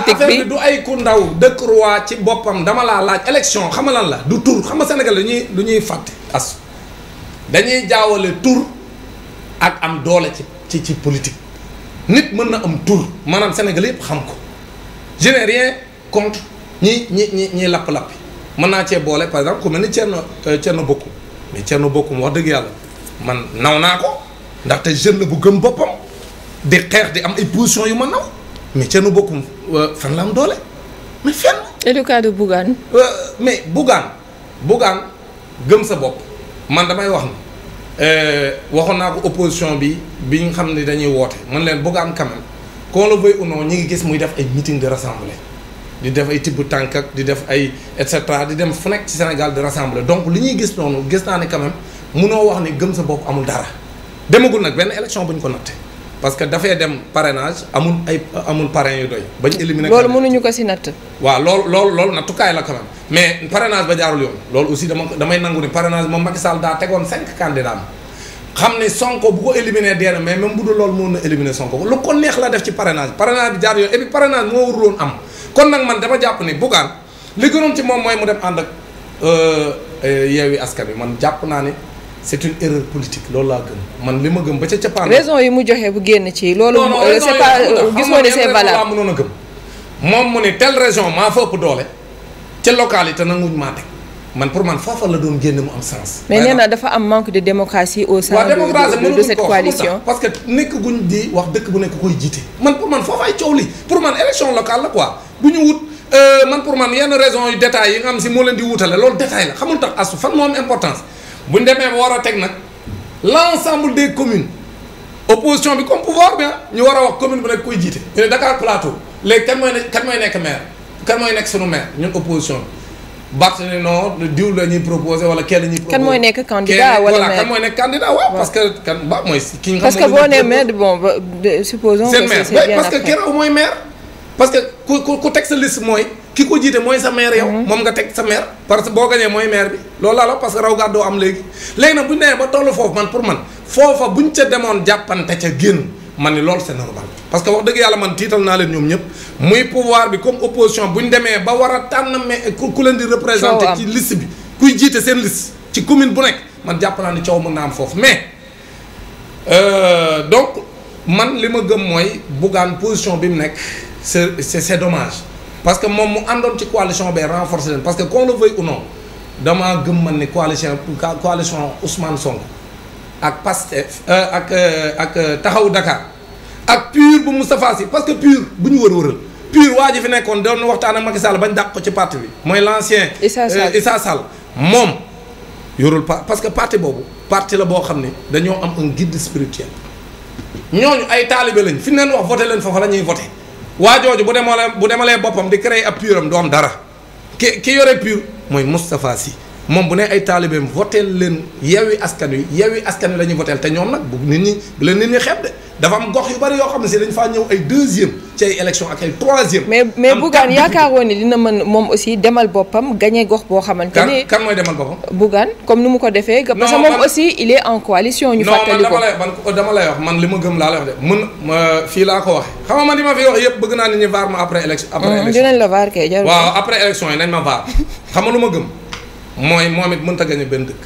politique du ay ku ndaw dëkk roi ci boppam dama laa laaj élection xam la du tur xama nga Sénégal dañuy du ñuy fàtte as dañuy jaawale tur ak am doole ci ci ci politique nit mën na am tur maanaam Sénégal yëpp xam ko je n'ai rien contre ñi ñi ñi ñiy lapp mën naa cee boole par exemple ku mel ni Thierno euh, Thierno Bocoum mais Thierno Bocoum wax dëgg yàlla man naw naa ko ndaxte jeune bu gëm boppam di xeex di am ay position yu ma naw mais Thierno Bocoum euh, fan la am doole mais fenn. et le cas de Bougane. Euh, mais Bougane Bougane gëm sa bopp man damay wax ni euh, waxoon naa ko opposition bi bi ñu xam ne dañuy woote man leen Bougane quand même qu'on le veuille ou ñu ngi gis muy def ay meeting de rassembler di def ay tibb tànk ak di def ay et cetera di dem fu nekk ci Sénégal de rassembler donc li ñuy gis noonu gis naa ne quand même munoo wax ni gëm sa bopp amul dara demagul nag benn élection bu ñu ko natte parce que dafay dem parrainage amul ay amul parrain yu doy. bañ éliminer loolu mënuñu ko ci natt. waaw loolu loolu loolu nattukaay la quand même mais parrainage ba jaarul yoon loolu aussi dama damay nangu ni parrainage moom Macky Sall daa tegoon cinq candidats xam ne Sonko bu ko éliminer dee na mais même bu dul loolu mën na éliminer Sonko lu ko neex la def ci parrainage parrainage bi jaar yoon et puis moo waruloon am kon nag man dama jàpp ni Bougane li gënoon ci moom mooy mu dem ànd ak euh, yeewi askan bi man jàpp naa ni. c'est une erreur politique loolu laa gëm man li ma gëm ba ca cappaandaw. raison yi mu joxe bu génn ci loolu. Euh, c'est pas euh, c'est valable moom mu ne telle région maa fa ëpp doole ca la doon génn mu am sens. mais nee dafa am manque de démocratie au sein de parce que nekk guñ di wax dëkk bu nekk koy jiite. man pour man foofaay coow li pour man élection locale la quoi bu ñu wut. Euh, man pour man yenn raison yu détails yi nga am si moo leen di wutale loolu détail la xamul tax asu fan moo am importance bu ñu demee ba war a teg nag l' de commune communes opposition bi comme pouvoir bi ah ñu war a wax commune bu nekk koy jiite. ñu ne Dakar Plateau léegi kan mooy ne kan nekk maire kan mooy nekk sunu maire ñun opposition bi Barthélémy non diw la ñuy proposé wala kenn ñuy. proposé kan mooy mooy nekk candidat waaw parce que kan ba mooy. ki nga xam parce que boo nee maire bon supposons. seen maire parce que keroog mooy maire parce que ku ku teg sa ki ko jiite mooy sa maire yow. Mm-hmm. moom nga teg sa maire. parce que boo gañee mooy maire bi loolu laa la parce que raw gàddoo am léegi léegi nag bu demee ba tollu foofu man pour man foofa bu ñu ca demoon jàppante ca génn man ni loolu c'est normal parce que wax dëgg yàlla man tiital naa leen ñoom ñëpp muy pouvoir bi comme opposition bu ñu demee ba war a tànn mais ku leen di représenté ci list bi kuy jiite seen liste ci commune bu nekk man jàpp naa ni coow am foofu mais euh, donc man li ma gëm mooy Bougane position bi mu nekk c'est c'est dommage parce que moom mu àndoon ci coalition bee renforcé leen parce que qu'on le veuille ou non damaa gëm man ni coalition coalition Ousmane Sonko ak Pastef euh, ak euh, ak euh, Taxawu Dakar ak PUR bu Moustapha Sy parce que PUR bu ñu wër-wëral PUR waa ji fi nekkoon doon waxtaan ak Macky Sall bañ dàq ko ci parti bi mooy l'ancien Issa Sall moom yorul pa parce que parti boobu parti la boo xam ne dañoo am un guide spirituel ñooñu ay taalibe lañ fi neen wax voté leen foofa la ñuy voté waa jooju bu demalee bu demalee boppam di créer ab puram doom dara ki ki yore pur mooy Moustapha Sy moom bu ne ay taalibeem voteel leen Yewwi Askan Wi Yewwi Askan Wi la ñuy voteel te ñoom nag bu nit ñi bu leen nit ñi xeeb de dafa am gox yu bari yoo xam ne si dañ faa ñëw ay deuxième ci ay élection ak ay troisième. mais mais Bougane yaakaaroon dina mën moom aussi demal boppam gagné gox boo xamante ni. kan mooy demal boppam. Bougane comme ni mu ko defee. parce que moom aussi il est en coalition. ñu fàttali ko man dama lay wax man li ma gëm laa lay wax de mën fii laa ko waxee. xam nga ma fi wax yëpp bëgg naa ni ñu vaar ma après. Mm-hmm, élection après élection la yi nañ ma vaar xam lu ma gëm mooy moom it mënut a gagné benn dëkk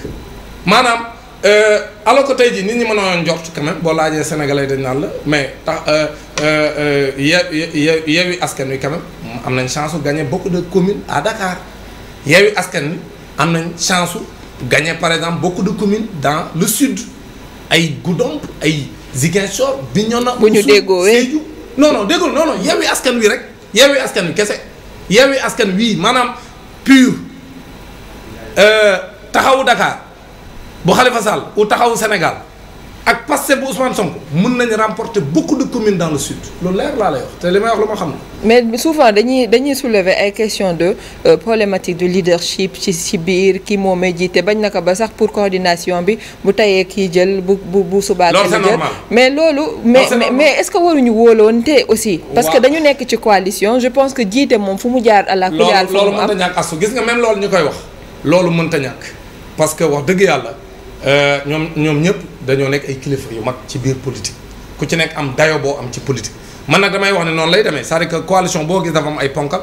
maanaam. Euh, alors que tey jii nit ñi mën a njort boo laajee sénégalais dañ naan la mais tax euh, euh, yeewi askan wi quand am nañ chance su bokk beaucoup de communes à Dakar yeewi askan wi am nañ chance su par exemple beaucoup de commune dans le sud ay Goudomp ay Ziguinchor Bignona. bu ñu déggoo Sédhiou non non déggul yeewi askan wi rek yeewi askan wi kese yeewi askan wi maanaam pur taxawu Dakar. bu Khalifa Sall ou taxawu Sénégal ak Pastef bu Ousmane Sonko mën nañu remporter beaucoup de communes dans le sud loolu leer laa lay wax te li may wax lu ma xam na mais souvent dañuy dañuy soulever ay question de euh, problématique de leadership ci ci biir ki moomee jiite bañ na ko ba sax pour coordination bi bu tayee kii jël bu bu bu subaa jël mais loolu mais mais, mais est-ce que waruñu wóoloonte aussi parce que dañu nekk ci coalition je pense que jiite moom fu mu jaar à la loolu mënta ñàkk asu gis nga même loolu ñu koy wax loolu mënta ñàkk parce que wax dëgg yàlla Euh, ñoom ñoom ñëpp dañoo nekk ay kilifa yu mag ci biir politique ku ci nekk am dayo boo am ci politique man nag damay wax ne noonu lay demee cest à coalition boo gis dafa am ay ponkal